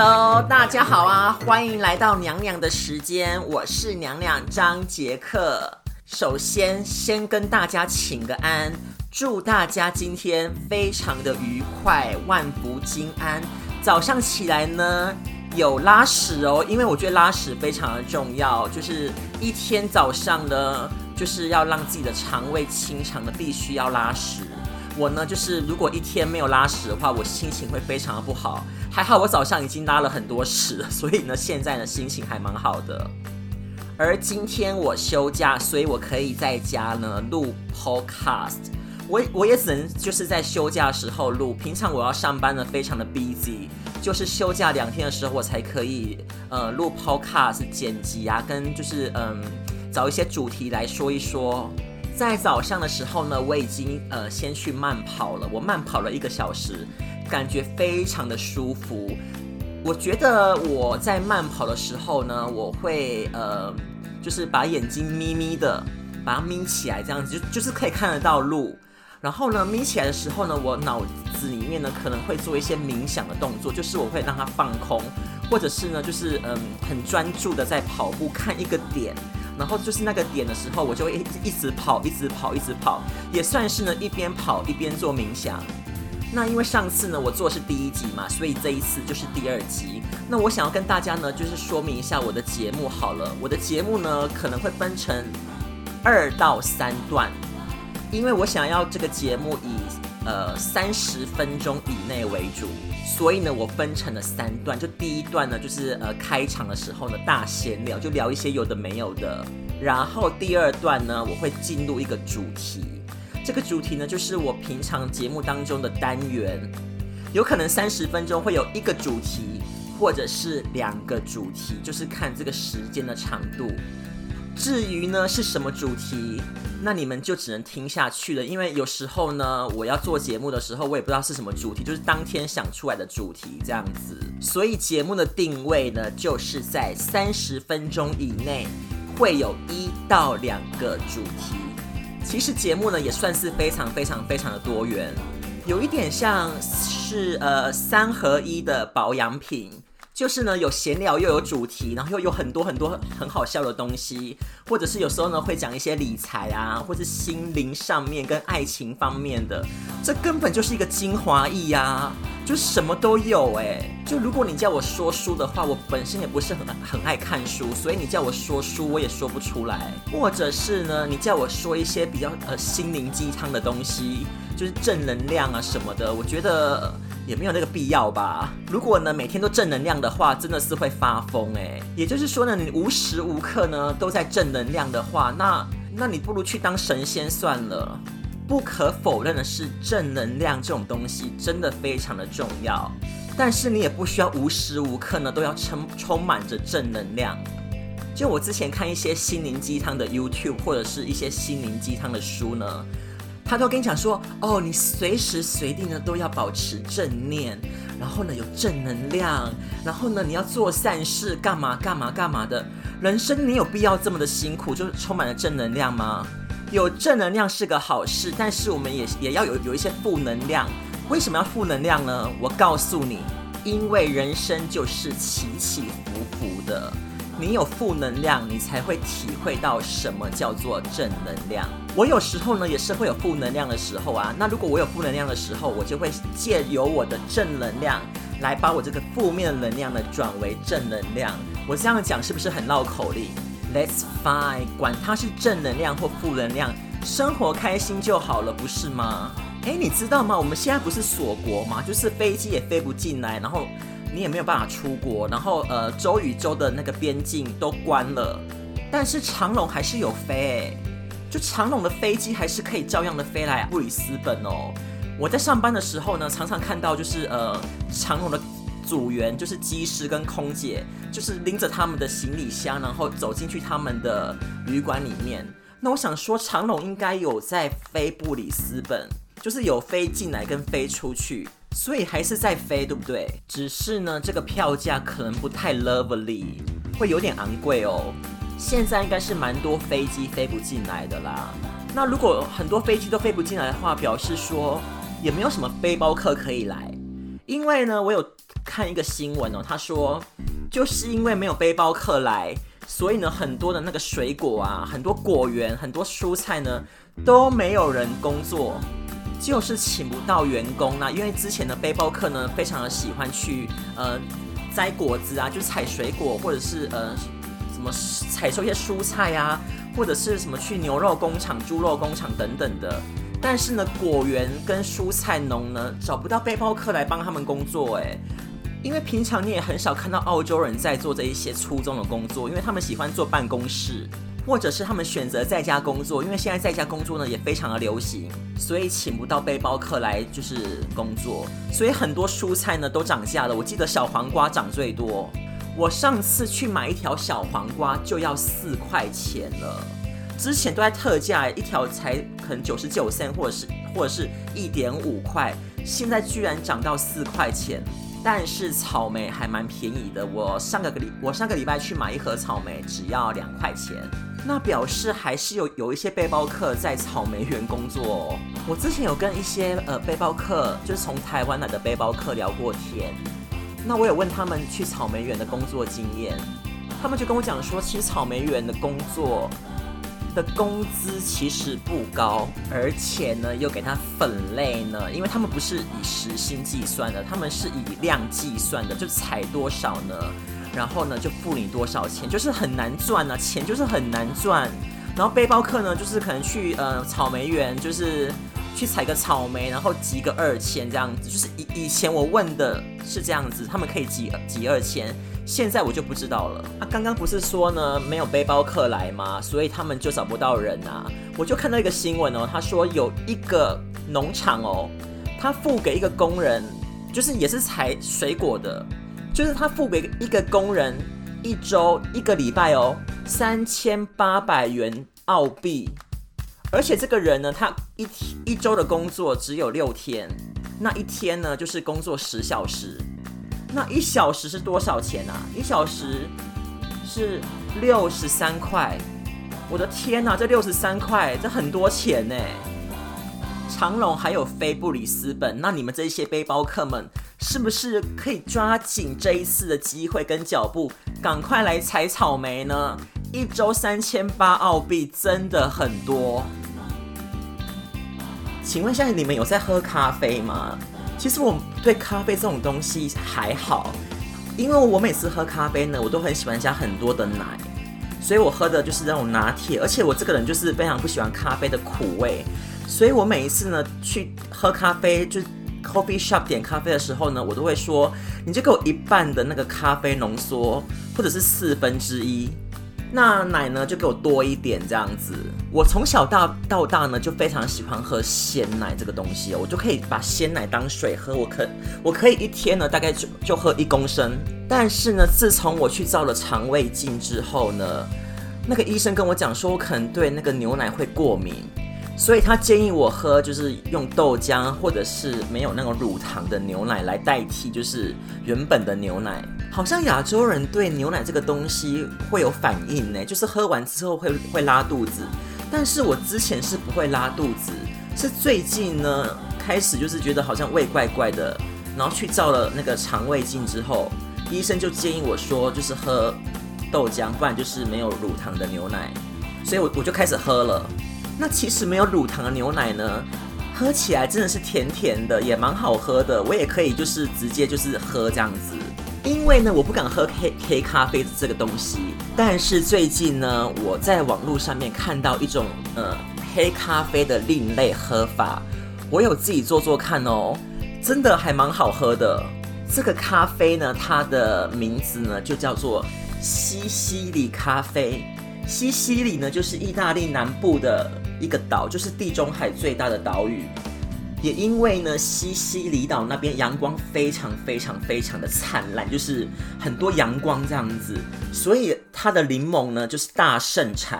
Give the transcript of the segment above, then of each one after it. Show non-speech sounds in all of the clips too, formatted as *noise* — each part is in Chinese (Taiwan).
Hello，大家好啊！歡迎來到娘娘的時間，我是娘娘張杰克。首先，先跟大家請個安，祝大家今天非常的愉快，萬福金安。早上起來呢，有拉屎哦，因為我覺得拉屎非常的重要，就是一天早上呢，就是要讓自己的腸胃清腸的，必須要拉屎。我呢，就是如果一天沒有拉屎的話，我心情會非常的不好。還好我早上已經拉了很多屎，所以呢，現在呢，心情還蠻好的。而今天我休假，所以我可以在家呢錄 podcast。我我也只能就是在休假的時候錄，平常我要上班呢非常的 busy，就是休假兩天的時候我才可以呃錄 podcast，剪輯啊，跟就是嗯、呃、找一些主題來說一說。在早上的時候呢，我已經呃先去慢跑了，我慢跑了一個小時，感覺非常的舒服。我覺得我在慢跑的時候呢，我會呃就是把眼睛眯眯的，把它眯起來，這樣子就就是可以看得到路。然後呢，眯起來的時候呢，我腦子裡面呢可能會做一些冥想的動作，就是我會讓它放空。或者是呢，就是嗯，很專注的在跑步看一個點，然後就是那個點的時候，我就會一一直跑，一直跑，一直跑，也算是呢一邊跑一邊做冥想。那因為上次呢我做是第一集嘛，所以這一次就是第二集。那我想要跟大家呢就是說明一下我的節目好了，我的節目呢可能會分成二到三段，因為我想要這個節目以，呃，三十分鐘以內為主，所以呢，我分成了三段。就第一段呢，就是呃，開場的時候呢，大閒聊，就聊一些有的沒有的。然後第二段呢，我會進入一個主題。這個主題呢，就是我平常節目當中的單元，有可能三十分鐘會有一個主題，或者是兩個主題，就是看這個時間的長度。至於呢是什麼主題，那你們就只能聽下去了。因為有時候呢，我要做節目的時候，我也不知道是什麼主題，就是當天想出來的主題這樣子。所以節目的定位呢，就是在三十分鐘以內會有一到兩個主題。其實節目呢也算是非常非常非常的多元，有一點像是呃三合一的保養品。就是呢，有閒聊又有主題，然後又有很多很多很好笑的東西，或者是有時候呢會講一些理財啊，或是心靈上面跟愛情方面的，這根本就是一個精華液呀，啊。就什麼都有哎、欸，就如果你叫我說書的話，我本身也不是很很愛看書，所以你叫我說書我也說不出來。或者是呢，你叫我說一些比較呃心靈雞湯的東西，就是正能量啊什麼的，我覺得、呃、也沒有那個必要吧。如果呢每天都正能量的話，真的是會發瘋哎、欸。也就是說呢，你無時無刻呢都在正能量的話，那那你不如去當神仙算了。不可否認的是，正能量這種東西真的非常的重要。但是你也不需要無時無刻呢都要充充滿着正能量。就我之前看一些心靈雞湯的 YouTube 或者是一些心靈雞湯的書呢，他都跟你講說，哦，你隨時隨地呢都要保持正念，然後呢有正能量，然後呢你要做善事幹，幹嘛幹嘛幹嘛的。人生你有必要這麼的辛苦，就是充滿了正能量嗎？有正能量是個好事，但是我們也也要有有一些負能量。為什麼要負能量呢？我告訴你，因為人生就是起起伏伏的。你有負能量，你才會體會到什麼叫做正能量。我有時候呢也是會有負能量的時候啊。那如果我有負能量的時候，我就會借由我的正能量來把我這個負面能量呢轉為正能量。我這樣講是不是很繞口令？Let's find，管它是正能量或負能量，生活開心就好了，不是嗎？誒，你知道嗎？我們現在不是鎖國嗎？就是飛機也飛不進來，然後你也沒有辦法出國，然後呃，州與州的那個邊境都關了，但是長龍還是有飛誒，就長龍的飛機還是可以照樣的飛來布里斯本哦。我在上班的時候呢，常常看到就是呃，長龍的。組員就是機師跟空姐，就是拎着他們的行李箱，然後走進去他們的旅館裡面。那我想說，長龍應該有在飛布里斯本，就是有飛進來跟飛出去，所以還是在飛，對不對？只是呢，這個票價可能不太 lovely，會有點昂貴哦。現在應該是蠻多飛機飛不進來的啦。那如果很多飛機都飛不進來的話，表示說也沒有什麼背包客可以來。因為呢，我有看一個新聞哦，他說，就是因為沒有背包客來，所以呢，很多的那個水果啊，很多果園、很多蔬菜呢，都沒有人工作，就是請不到員工啦，啊，因為之前的背包客呢，非常的喜歡去呃摘果子啊，就採水果，或者是呃什麼採收一些蔬菜啊，或者是什麼去牛肉工廠、豬肉工廠等等的。但是呢，果園跟蔬菜農呢找不到背包客來幫他們工作，欸，哎，因為平常你也很少看到澳洲人在做這一些粗重的工作，因為他們喜歡坐辦公室，或者是他們選擇在家工作，因為現在在家工作呢也非常的流行，所以請不到背包客來就是工作，所以很多蔬菜呢都漲價了。我記得小黃瓜漲最多，我上次去買一條小黃瓜就要四塊錢了。之前都在特價，一條才可能九十九 cent，或者是或者是一點五塊，現在居然漲到四塊錢。但是草莓還蠻便宜的，我上個個禮，我上個禮拜去買一盒草莓只要兩塊錢，那表示還是有有一些背包客在草莓園工作哦。我之前有跟一些呃背包客，就是從台灣來的背包客聊過天，那我有問他們去草莓園的工作經驗，他們就跟我講說，其實草莓園的工作。的工資其實不高，而且呢又給他分類呢，因為他們不是以時薪計算的，他們是以量計算的，就採多少呢，然後呢就付你多少錢，就是很難賺啊。錢就是很難賺。然後背包客呢，就是可能去呃草莓園，就是去採個草莓，然後集個二千這樣子，就是以以前我問的是這樣子，他們可以集集二千。現在我就不知道了啊！剛剛不是說呢，沒有背包客來嗎？所以他們就找不到人啊！我就看到一個新聞哦，他說有一個農場哦，他付給一個工人，就是也是採水果的，就是他付給一個工人一周一個禮拜哦三千八百元澳幣，而且這個人呢，他一天一周的工作只有六天，那一天呢就是工作十小時。那一小時是多少錢啊？一小時是六十三塊。我的天吶，這六十三塊，這很多錢呢。長隆還有非布里斯本，那你們這些背包客們，是不是可以抓緊這一次的機會跟腳步，趕快來採草莓呢？一周三千八澳幣，真的很多。請問一下，你們有在喝咖啡嗎？其實我對咖啡這種東西還好，因為我每次喝咖啡呢，我都很喜歡加很多的奶，所以我喝的就是那種拿鐵。而且我這個人就是非常不喜歡咖啡的苦味，所以我每一次呢去喝咖啡，就 coffee shop 點咖啡的時候呢，我都會說，你就給我一半的那個咖啡濃縮，或者是四分之一。那奶呢，就給我多一點這樣子。我從小到，到大呢，就非常喜歡喝鮮奶這個東西，我就可以把鮮奶當水喝。我可我可以一天呢，大概就就喝一公升。但是呢，自從我去照了腸胃鏡之後呢，那個醫生跟我講說，我可能對那個牛奶會過敏，所以他建議我喝就是用豆漿或者是沒有那種乳糖的牛奶來代替，就是原本的牛奶。好像亞洲人對牛奶這個東西會有反應呢，就是喝完之後會會拉肚子。但是我之前是不會拉肚子，是最近呢開始就是覺得好像胃怪怪的，然後去照了那個腸胃鏡之後，醫生就建議我說，就是喝豆漿，不然就是沒有乳糖的牛奶。所以我，我我就開始喝了。那其實沒有乳糖的牛奶呢，喝起來真的是甜甜的，也蠻好喝的。我也可以就是直接就是喝這樣子。因為呢，我不敢喝黑黑咖啡的這個東西，但是最近呢，我在網路上面看到一種呃黑咖啡的另類喝法，我有自己做做看哦，真的還蠻好喝的。這個咖啡呢，它的名字呢就叫做西西里咖啡。西西里呢，就是意大利南部的一個島，就是地中海最大的島嶼。也因為呢，西西里島那邊陽光非常非常非常的燦爛，就是很多陽光這樣子，所以它的檸檬呢，就是大盛產。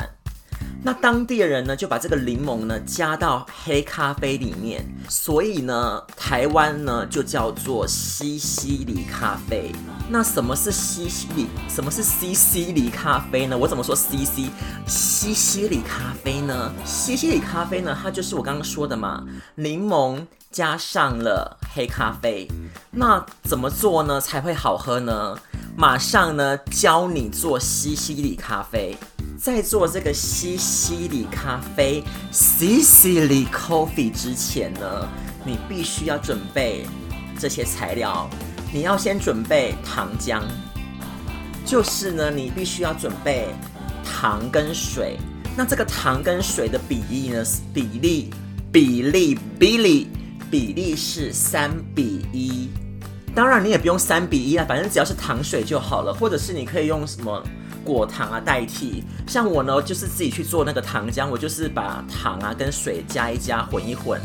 那當地的人呢，就把這個檸檬呢加到黑咖啡裡面，所以呢，台灣呢就叫做西西里咖啡。那什麼是西西里？什麼是西西里咖啡呢？我怎麼說西西西西里咖啡呢？西西里咖啡呢，它就是我剛剛說的嘛，檸檬加上了黑咖啡。那怎麼做呢，才會好喝呢？馬上呢教你做西西里咖啡。在做這個西西里咖啡，西西里 Coffee 之前呢，你必須要準備這些材料。你要先準備糖漿，就是呢，你必須要準備糖跟水。那這個糖跟水的比例呢？是比例比例比例比例是三比一。當然你也不用三比一啊，反正只要是糖水就好了，或者是你可以用什麼。果糖啊，代替。像我呢，就是自己去做那個糖漿，我就是把糖啊跟水加一加，混一混，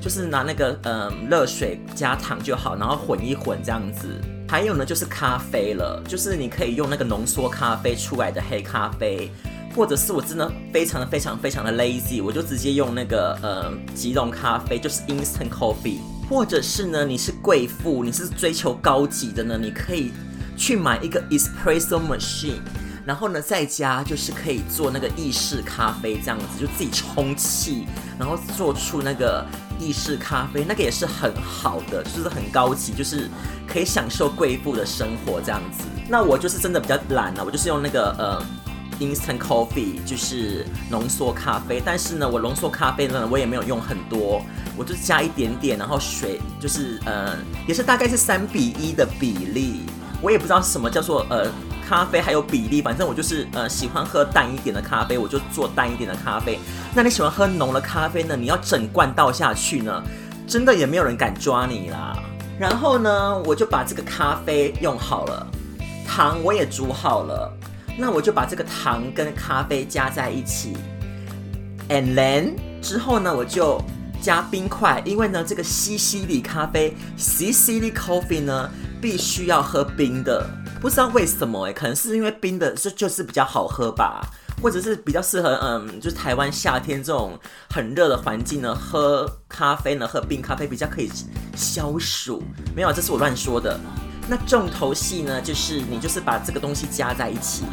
就是拿那個嗯熱水加糖就好，然後混一混這樣子。還有呢，就是咖啡了，就是你可以用那個濃縮咖啡出來的黑咖啡，或者是我真的非常的非常非常的 lazy，我就直接用那個呃、嗯、即溶咖啡，就是 instant coffee，或者是呢，你是貴婦，你是追求高級的呢，你可以去買一個 espresso machine。然後呢，在家就是可以做那個意式咖啡這樣子，就自己充氣，然後做出那個意式咖啡，那個也是很好的，就是很高級，就是可以享受貴婦的生活這樣子。那我就是真的比較懶了，啊，我就是用那個呃，instant coffee，就是濃縮咖啡。但是呢，我濃縮咖啡呢，我也沒有用很多，我就加一點點，然後水就是呃，也是大概是三比一的比例，我也不知道什麼叫做呃。咖啡還有比例，反正我就是呃喜歡喝淡一點的咖啡，我就做淡一點的咖啡。那你喜歡喝濃的咖啡呢？你要整罐倒下去呢，真的也沒有人敢抓你啦。然後呢，我就把這個咖啡用好了，糖我也煮好了，那我就把這個糖跟咖啡加在一起，and then 之後呢，我就加冰塊，因為呢這個西西里咖啡，西西里咖啡呢必須要喝冰的。不知道為什麼誒、欸，可能是因為冰的就就是比較好喝吧，或者是比較適合，嗯，就是台灣夏天這種很熱的環境呢，喝咖啡呢，喝冰咖啡比較可以消暑。沒有，這是我亂說的。那重頭戲呢，就是你就是把這個東西加在一起，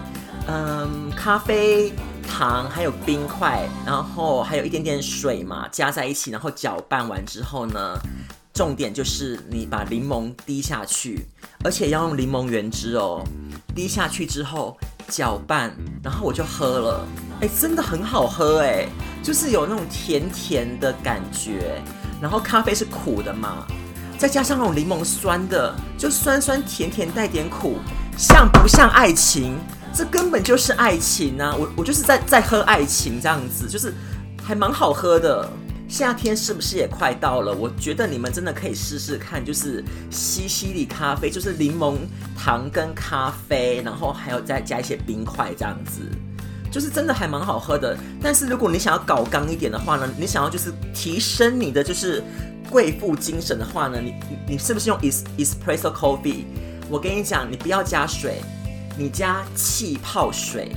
嗯，咖啡、糖還有冰塊，然後還有一點點水嘛，加在一起，然後攪拌完之後呢。重點就是你把檸檬滴下去，而且要用檸檬原汁哦。滴下去之後攪拌，然後我就喝了。哎、欸，真的很好喝哎，就是有那種甜甜的感覺。然後咖啡是苦的嘛，再加上那種檸檬酸的，就酸酸甜甜帶點苦，像不像愛情？這根本就是愛情啊！我我就是在在喝愛情這樣子，就是還蠻好喝的。夏天是不是也快到了？我覺得你們真的可以試試看，就是西西里咖啡，就是檸檬糖跟咖啡，然後還有再加一些冰塊這樣子，就是真的還蠻好喝的。但是如果你想要搞剛一點的話呢，你想要就是提升你的就是貴婦精神的話呢，你你是不是用 es espresso coffee？我跟你講，你不要加水，你加氣泡水，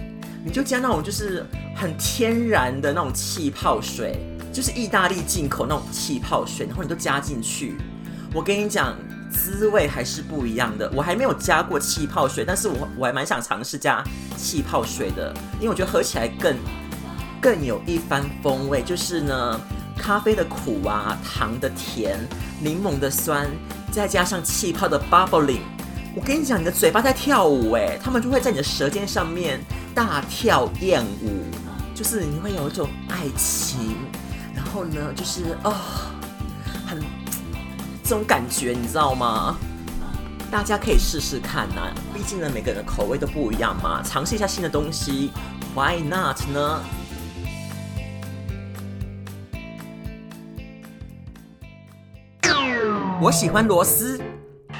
你就加那種就是很天然的那種氣泡水。就是意大利進口那種氣泡水，然後你都加進去。我跟你講，滋味還是不一樣的。我還沒有加過氣泡水，但是我我還蠻想嘗試加氣泡水的，因為我覺得喝起來更更有一番風味。就是呢，咖啡的苦啊，糖的甜，檸檬的酸，再加上氣泡的 bubbling。我跟你講，你的嘴巴在跳舞誒、欸，他們就會在你的舌尖上面大跳艷舞，就是你會有一種愛情。然後呢，就是啊、哦，很這種感覺，你知道嗎？大家可以試試看吶、啊，畢竟呢，每個人的口味都不一樣嘛，嘗試一下新的東西，Why not 呢？ *noise* 我喜歡螺絲，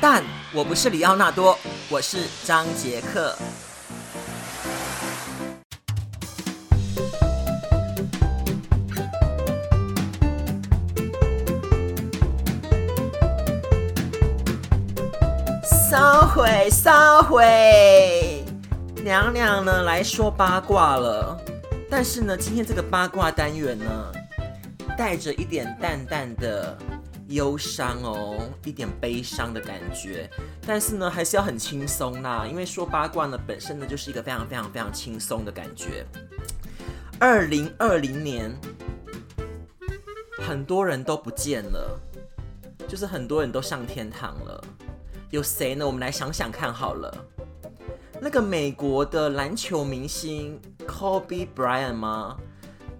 但我不是李奧納多，我是張杰克。會燒毀。娘娘呢來說八卦了，但是呢，今天這個八卦單元呢，帶着一點淡淡的憂傷哦，一點悲傷的感覺。但是呢，還是要很輕鬆啦，因為說八卦呢，本身呢就是一個非常非常非常輕鬆的感覺。二零二零年，很多人都不見了，就是很多人都上天堂了。有誰呢？我們來想想看好了。那個美國的籃球明星 Kobe Bryant 嗎？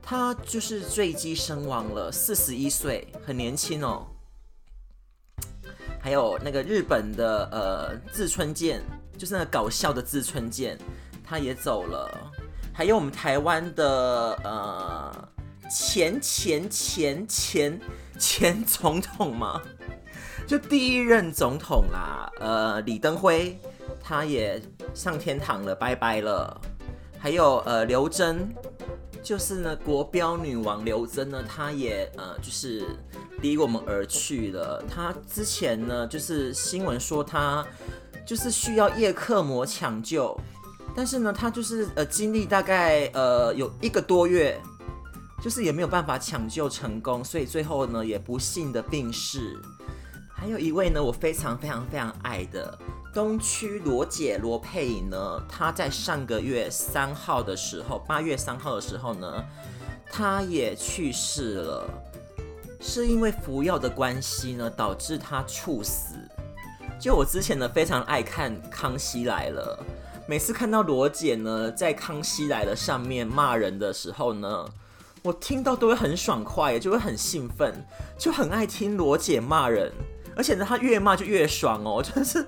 他就是墜機身亡了，四十一歲，很年輕哦、喔。還有那個日本的呃志村健，就是那個搞笑的志村健，他也走了。還有我們台灣的呃前前前前前總統嘛。就第一任總統啦、啊，呃，李登輝，他也上天堂了，拜拜了。還有呃，劉真，就是呢，國標女王劉真呢，她也呃，就是離我們而去了。她之前呢，就是新聞說她就是需要葉克膜搶救，但是呢，她就是呃，經歷大概呃有一個多月，就是也沒有辦法搶救成功，所以最後呢，也不幸的病逝。還有一位呢，我非常非常非常愛的東區羅姐羅霈穎呢，她在上個月三號的時候，八月三號的時候呢，她也去世了，是因為服藥的關係呢，導致她猝死。就我之前呢，非常愛看《康熙來了》，每次看到羅姐呢在《康熙來了》上面罵人的時候呢，我聽到都會很爽快，就會很興奮，就很愛聽羅姐罵人。而且呢，他越罵就越爽哦，真的是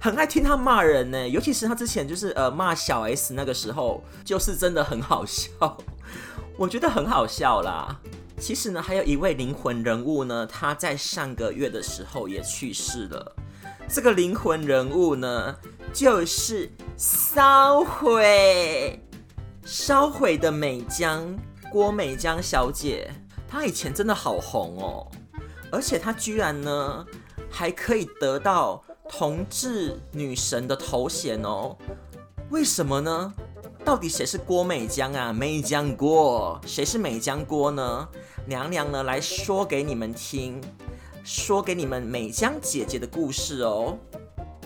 很愛聽他罵人呢。尤其是他之前就是呃罵小 S 那個時候，就是真的很好笑， *laughs* 我覺得很好笑啦。其實呢，還有一位靈魂人物呢，他在上個月的時候也去世了。這個靈魂人物呢，就是燒毀燒毀的美江郭美江小姐，她以前真的好紅哦。而且她居然呢，還可以得到同志女神的頭銜哦？為什麼呢？到底誰是郭美江啊？美江郭？誰是美江郭呢？娘娘呢，來說給你們聽，說給你們美江姐姐的故事哦。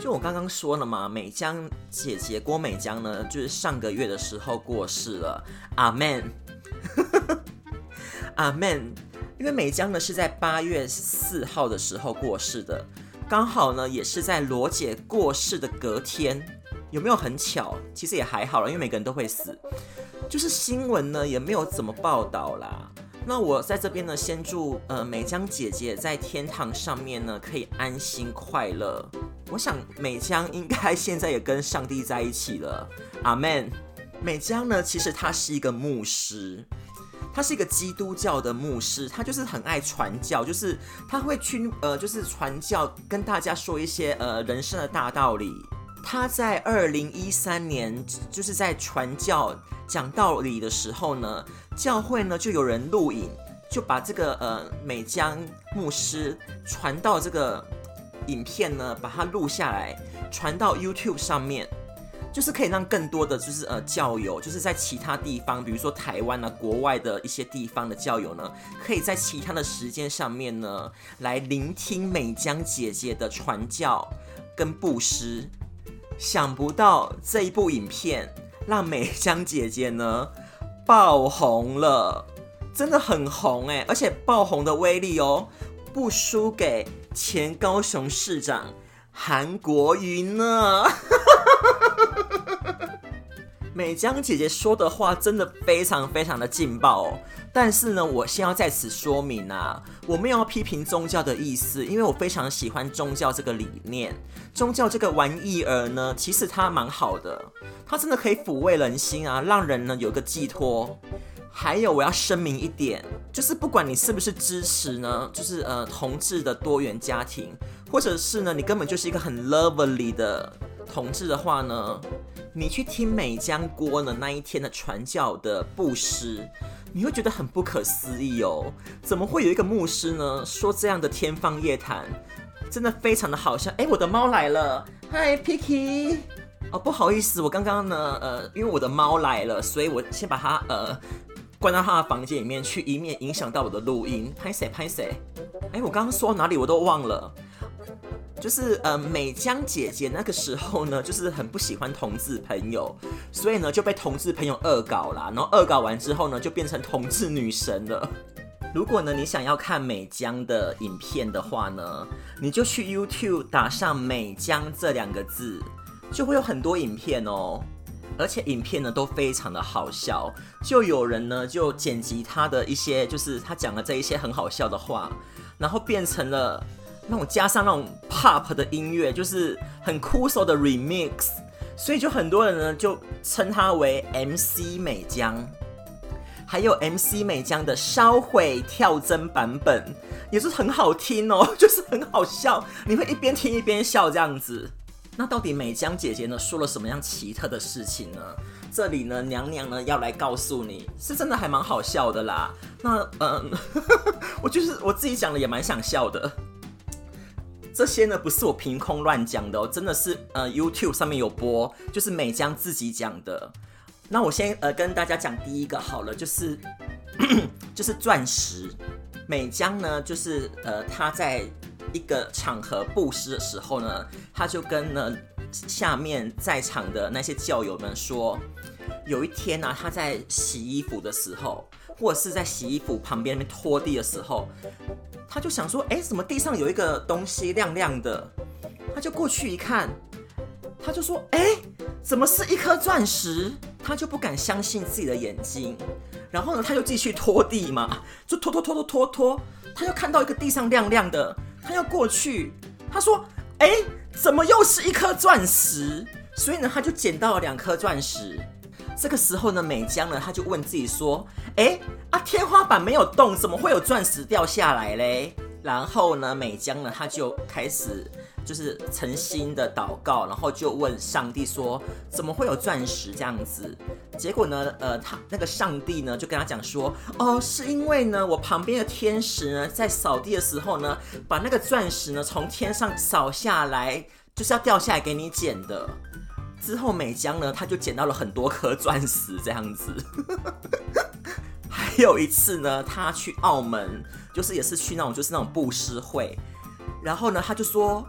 就我剛剛說了嘛，美江姐姐郭美江呢，就是上個月的時候過世了。阿們， *laughs* 阿們。因為美江呢是在八月四號的時候過世的，剛好呢也是在羅姐過世的隔天，有沒有很巧？其實也還好啦，因為每個人都會死，就是新聞呢也沒有怎麼報道啦。那我在這邊呢，先祝呃美江姐姐在天堂上面呢可以安心快樂。我想美江應該現在也跟上帝在一起了。阿門。美江呢，其實她是一個牧師。他是一個基督教的牧師，他就是很愛傳教，就是他會去呃，就是傳教跟大家說一些呃人生的大道理。他在二零一三年就是在傳教講道理的時候呢，教會呢就有人錄影，就把這個呃美江牧師傳到這個影片呢，把它錄下來，傳到 YouTube 上面。就是可以讓更多的就是呃教友，就是在其他地方，比如說台灣啊，國外的一些地方的教友呢，可以在其他的時間上面呢來聆聽美江姐姐的傳教跟布施。想不到這一部影片讓美江姐姐呢爆紅了，真的很紅誒、欸，而且爆紅的威力哦，不輸給前高雄市長韓國瑜呢。 *laughs* *laughs* 美江姐姐說的話真的非常非常的勁爆。但是呢，我先要在此說明啊，我沒有要批評宗教的意思，因為我非常喜歡宗教這個理念。宗教這個玩意兒呢，其實它蠻好的，它真的可以撫慰人心啊，讓人呢有個寄托。還有我要聲明一點，就是不管你是不是支持呢，就是呃同志的多元家庭，或者是呢你根本就是一個很 lovely 的。同志的話呢，你去聽美江鍋呢那一天的傳教的布施，你會覺得很不可思議哦。怎麼會有一個牧師呢說這樣的天方夜譚？真的非常的好笑。哎，我的貓來了，嗨 Picky。哦，不好意思，我剛剛呢，呃，因為我的貓來了，所以我先把它呃關到他的房間裡面去，以免影響到我的錄音。拍誰拍誰？哎，我剛剛說到哪裡我都忘了。就是呃，美江姐姐那個時候呢，就是很不喜歡同志朋友，所以呢就被同志朋友惡搞啦。然後惡搞完之後呢，就變成同志女神了。 *laughs* 如果呢你想要看美江的影片的話呢，你就去 YouTube 打上美江這兩個字，就會有很多影片哦。而且影片呢都非常的好笑，就有人呢就剪輯他的一些，就是他講了這一些很好笑的話，然後變成了。那種加上那種 pop 的音樂，就是很酷手的 remix，所以就很多人呢就稱它為 MC 美江，還有 MC 美江的燒毀跳針版本也是很好聽哦，就是很好笑，你會一邊聽一邊笑這樣子。那到底美江姐姐呢說了什麼樣奇特的事情呢？這裡呢娘娘呢要來告訴你，是真的還蠻好笑的啦。那嗯，呃、 *laughs* 我就是我自己講的也蠻想笑的。這些呢不是我憑空亂講的哦，真的是呃 YouTube 上面有播，就是美江自己講的。那我先呃跟大家講第一個好了，就是 *coughs* 就是鑽石，美江呢就是呃他在一個場合布施的時候呢，他就跟呢、呃、下面在場的那些教友們說。有一天吶、啊，他在洗衣服的時候，或者是在洗衣服旁邊那邊拖地的時候，他就想說，哎、欸，怎麼地上有一個東西亮亮的？他就過去一看，他就說，哎、欸，怎麼是一顆鑽石？他就不敢相信自己的眼睛。然後呢，他就繼續拖地嘛，就拖拖拖拖拖拖，他又看到一個地上亮亮的，他又過去，他說，哎、欸，怎麼又是一顆鑽石？所以呢，他就撿到了兩顆鑽石。這個時候呢，美江呢，他就問自己說：“哎，啊，天花板沒有洞，怎麼會有鑽石掉下來嘞？”然後呢，美江呢，他就開始就是誠心的禱告，然後就問上帝說：“怎麼會有鑽石這樣子？”結果呢，呃，他那個上帝呢，就跟他講說：“哦，是因為呢，我旁邊的天使呢，在掃地的時候呢，把那個鑽石呢，從天上掃下來，就是要掉下來給你撿的。”之後，美江呢，他就撿到了很多顆鑽石，這樣子。 *laughs* 還有一次呢，他去澳門，就是也是去那種，就是那種布施會。然後呢，他就說，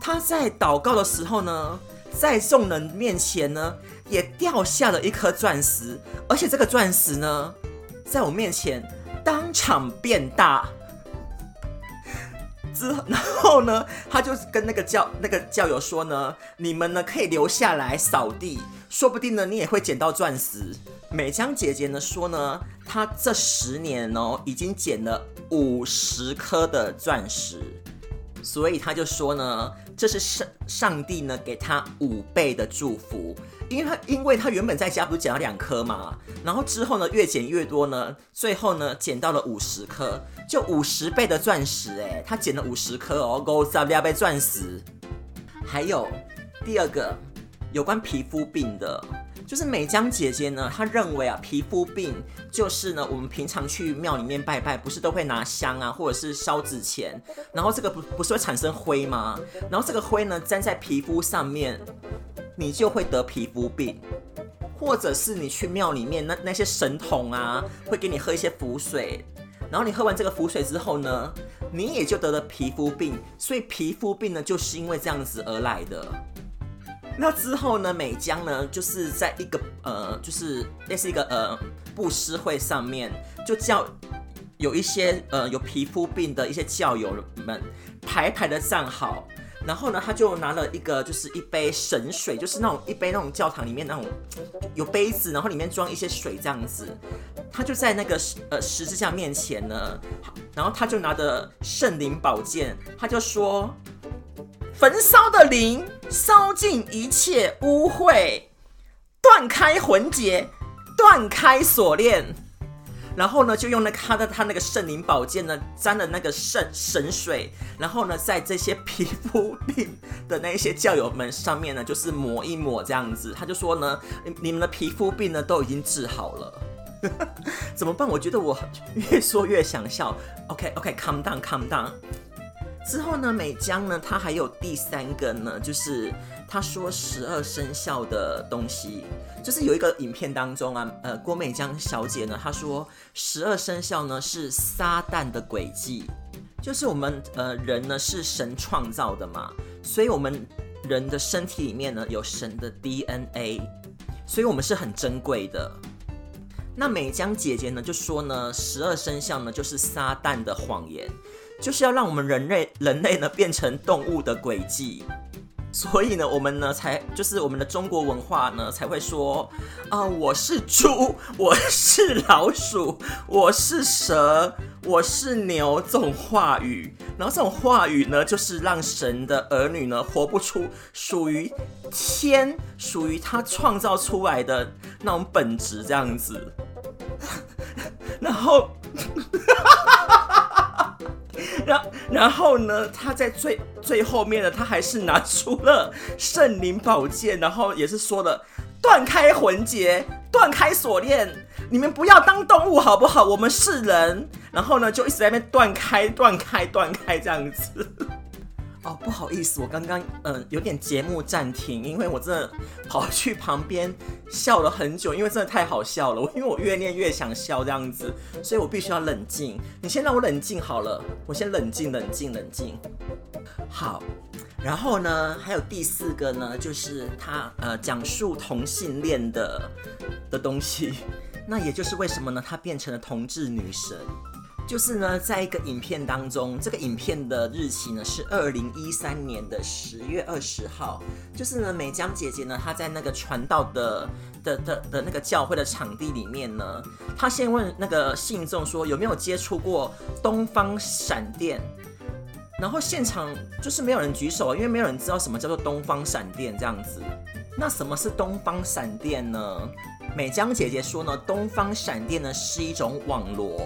他在禱告的時候呢，在眾人面前呢，也掉下了一顆鑽石，而且這個鑽石呢，在我面前當場變大。之後然後呢，他就跟那個教那個教友說呢，你們呢可以留下來掃地，說不定呢你也會撿到鑽石。美江姐姐呢說呢，她這十年呢、哦、已經撿了五十顆的鑽石，所以她就說呢。這是上上帝呢給他五倍的祝福，因為他因為他原本在家不是撿了兩顆嘛，然後之後呢越撿越多呢，最後呢撿到了五十顆，就五十倍的鑽石誒，他撿了五十顆哦，gold u 倍鑽石，還有第二個。有關皮膚病的，就是美江姐姐呢，她認為啊，皮膚病就是呢，我們平常去廟裡面拜拜，不是都會拿香啊，或者是燒紙錢，然後這個不不是會產生灰嗎？然後這個灰呢，粘在皮膚上面，你就會得皮膚病，或者是你去廟裡面那那些神童啊，會給你喝一些符水，然後你喝完這個符水之後呢，你也就得了皮膚病，所以皮膚病呢，就是因為這樣子而來的。那之後呢，美江呢，就是在一個呃，就是類似一個呃布施會上面，就叫有一些呃有皮膚病的一些教友們排排的站好，然後呢，他就拿了一個就是一杯神水，就是那種一杯那種教堂裡面那種有杯子，然後裡面裝一些水這樣子，他就在那個呃十字架面前呢，然後他就拿着聖靈寶劍，他就說焚燒的靈。燒盡一切污穢，斷開魂結，斷開鎖鏈，然後呢，就用那他的他那個聖靈寶劍呢，沾了那個聖神，神水，然後呢，在這些皮膚病的那些教友們上面呢，就是抹一抹這樣子，他就說呢，你你們的皮膚病呢都已經治好了， *laughs* 怎麼辦？我覺得我越說越想笑，OK OK，calm down，calm down。之後呢，美江呢，她還有第三個呢，就是她說十二生肖的東西，就是有一個影片當中啊，呃，郭美江小姐呢，她說十二生肖呢是撒旦的詭計。就是我們，呃，人呢，是神創造的嘛，所以我們人的身體裡面呢有神的 DNA，所以我們是很珍貴的。那美江姐姐呢就說呢，十二生肖呢就是撒旦的謊言。就是要讓我們人類，人類呢變成動物的軌跡，所以呢，我們呢才就是我們的中國文化呢才會說啊、呃，我是豬，我是老鼠，我是蛇，我是牛這種話語，然後這種話語呢，就是讓神的兒女呢活不出屬於天、屬於他創造出來的那種本質這樣子， *laughs* 然後。 *laughs* 然然後呢，他在最最後面呢，他還是拿出了聖靈寶劍，然後也是說的斷開魂結，斷開鎖鏈，你們不要當動物好不好？我們是人。然後呢，就一直在那邊斷開、斷開、斷開這樣子。哦，不好意思，我剛剛嗯、呃、有點節目暫停，因為我真的跑去旁邊笑了很久，因為真的太好笑了，因為我越念越想笑這樣子，所以我必須要冷靜。你先讓我冷靜好了，我先冷靜冷靜冷靜。好，然後呢，還有第四個呢，就是他呃講述同性戀的的東西，那也就是為什麼呢？她變成了同志女神。就是呢，在一個影片當中，這個影片的日期呢是二零一三年的十月二十號。就是呢，美江姐姐呢，她在那個傳道的的的的,的那個教會的場地裡面呢，她先問那個信眾說有沒有接觸過東方閃電，然後現場就是沒有人舉手，因為沒有人知道什麼叫做東方閃電這樣子。那什麼是東方閃電呢？美江姐姐說呢，東方閃電呢是一種網羅。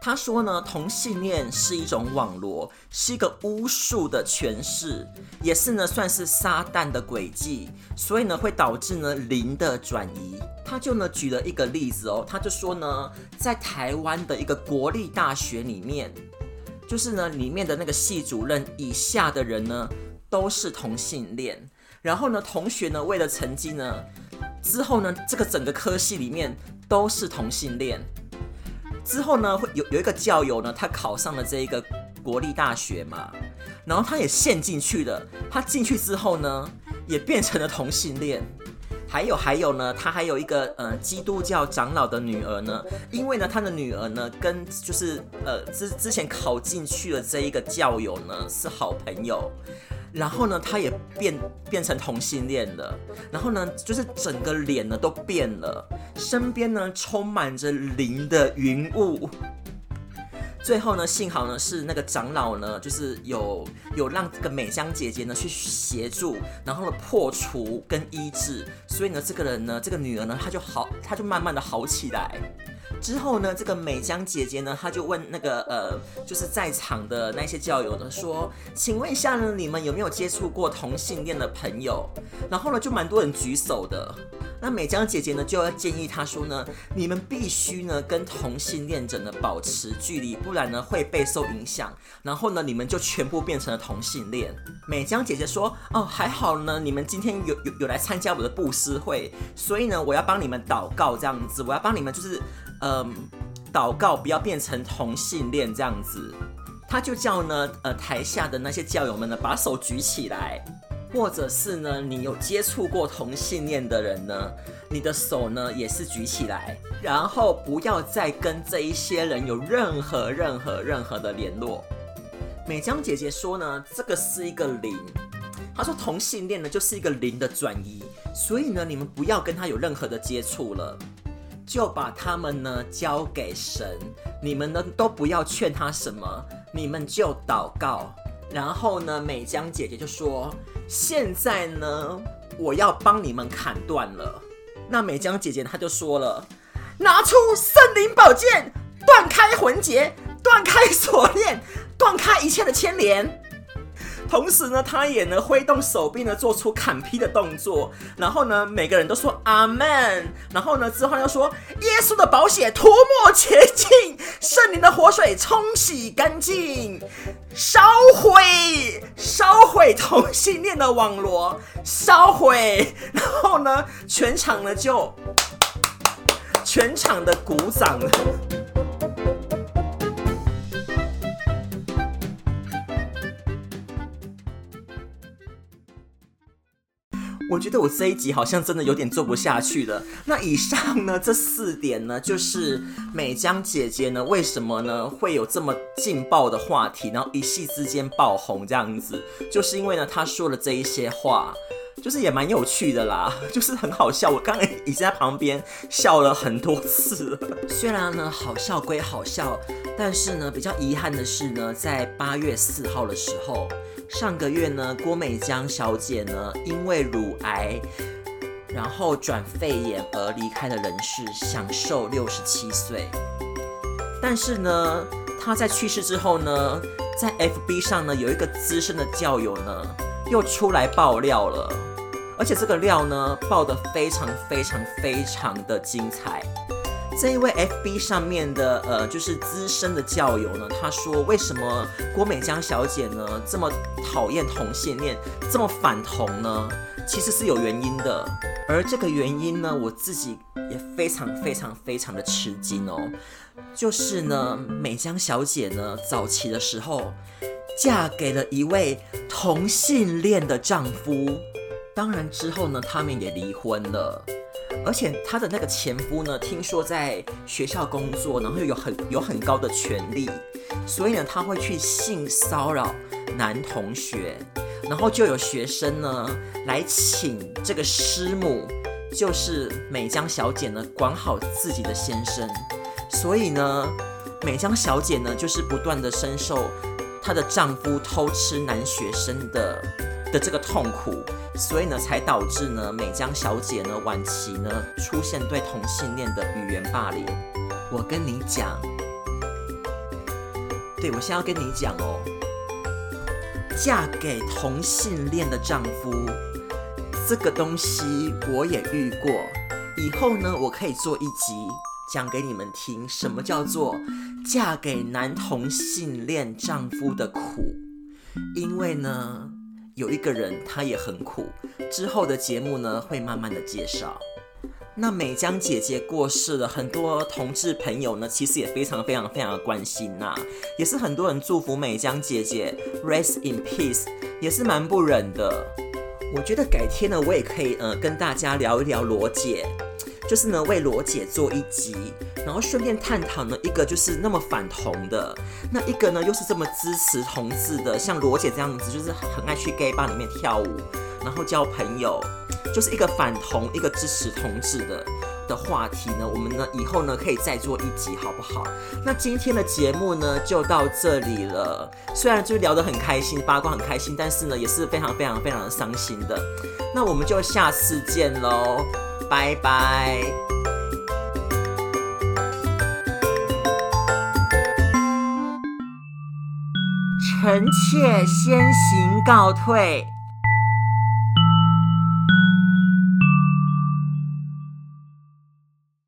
他說呢，同性戀是一種網羅，是一個巫術的詮釋，也是呢，算是撒旦的詭計，所以呢，會導致呢靈的轉移。他就呢舉了一個例子哦，他就說呢，在台灣的一個國立大學裡面，就是呢，裡面的那個系主任以下的人呢，都是同性戀，然後呢，同學呢為了成績呢，之後呢，這個整個科系裡面都是同性戀。之後呢，會有有一個教友呢，他考上了這一個國立大學嘛，然後他也陷進去了。他進去之後呢，也變成了同性戀。還有還有呢，他還有一個嗯、呃、基督教長老的女兒呢，因為呢他的女兒呢跟就是呃之之前考進去的這一個教友呢是好朋友。然後呢，他也變變成同性戀了。然後呢，就是整個臉呢都變了，身邊呢充滿着靈的雲霧。最後呢，幸好呢是那個長老呢，就是有有讓這個美江姐姐呢去協助，然後呢破除跟醫治。所以呢，這個人呢，這個女兒呢，她就好，她就慢慢的好起來。之後呢，這個美江姐姐呢，她就問那個呃，就是在場的那些教友呢，說，請問一下呢，你們有沒有接觸過同性戀的朋友？然後呢，就蠻多人舉手的。那美江姐姐呢，就要建議她說呢，你們必須呢跟同性戀者呢保持距離，不然呢會被受影響。然後呢，你們就全部變成了同性戀。美江姐姐說，哦，還好呢，你們今天有有有來參加我的布施會，所以呢，我要幫你們禱告這樣子，我要幫你們就是。嗯、呃，禱告不要變成同性戀這樣子，他就叫呢，呃，台下的那些教友們呢，把手舉起來，或者是呢，你有接觸過同性戀的人呢，你的手呢也是舉起來，然後不要再跟這一些人有任何任何任何的聯絡。美江姐姐說呢，這個是一個靈，她說同性戀呢就是一個靈的轉移，所以呢，你們不要跟他有任何的接觸了。就把他們呢交給神，你們呢都不要勸他什麼，你們就禱告。然後呢，美江姐姐就說：“現在呢，我要幫你們砍斷了。”那美江姐姐她就說了：“拿出聖靈寶劍，斷開魂結，斷開鎖鏈，斷開一切的牽連。”同時呢，他也能揮動手臂呢，做出砍劈的動作。然後呢，每個人都說阿們。然後呢，之後又說，耶穌的寶血塗抹潔淨，聖靈的活水沖洗乾淨，燒毀燒毀，同性戀的網羅燒毀。然後呢，全場呢就全場的鼓掌我覺得我這一集好像真的有點做不下去了。那以上呢，這四點呢，就是美江姐姐呢，為什麼呢會有這麼勁爆的話題，然後一夕之間爆紅這樣子，就是因為呢，她說了這一些話。就是也蠻有趣的啦，就是很好笑。我剛剛已經在旁邊笑了很多次了。雖然呢好笑歸好笑，但是呢比較遺憾的是呢，在八月四號的時候，上個月呢郭美江小姐呢因為乳癌，然後轉肺炎而離開的人世，享壽六十七歲。但是呢她在去世之後呢，在 FB 上呢有一個資深的教友呢又出來爆料了。而且這個料呢，爆得非常非常非常的精彩。這一位 FB 上面的，呃，就是資深的教友呢，他說為什麼郭美江小姐呢這麼討厭同性戀，這麼反同呢？其實是有原因的，而這個原因呢，我自己也非常非常非常的吃驚哦。就是呢，美江小姐呢，早期的時候嫁給了一位同性戀的丈夫。當然之後呢，他們也離婚了，而且她的那個前夫呢，聽說在學校工作，然後有很有很高的權力，所以呢，他會去性騷擾男同學，然後就有學生呢來請這個師母，就是美江小姐呢管好自己的先生，所以呢，美江小姐呢就是不斷的深受她的丈夫偷吃男學生的。的這個痛苦，所以呢，才導致呢美江小姐呢晚期呢出現對同性戀的語言霸凌。我跟你講，對我先要跟你講哦，嫁給同性戀的丈夫這個東西我也遇過。以後呢，我可以做一集講給你們聽，什麼叫做嫁給男同性戀丈夫的苦，因為呢。有一個人，他也很苦。之後的節目呢，會慢慢的介紹。那美江姐姐過世了，很多同志朋友呢，其實也非常非常非常的關心吶，啊，也是很多人祝福美江姐姐，Rest in peace，也是蠻不忍的。我覺得改天呢，我也可以，呃，跟大家聊一聊羅姐，就是呢，為羅姐做一集。然後順便探討呢，一個就是那麼反同的，那一個呢又是這麼支持同志的，像羅姐這樣子就是很愛去 gay bar 裡面跳舞，然後交朋友，就是一個反同一個支持同志的的話題呢。我們呢以後呢可以再做一集好不好？那今天的節目呢就到這裡了，雖然就是聊得很開心，八卦很開心，但是呢也是非常非常非常的傷心的。那我們就下次見嘍，拜拜。臣妾先行告退。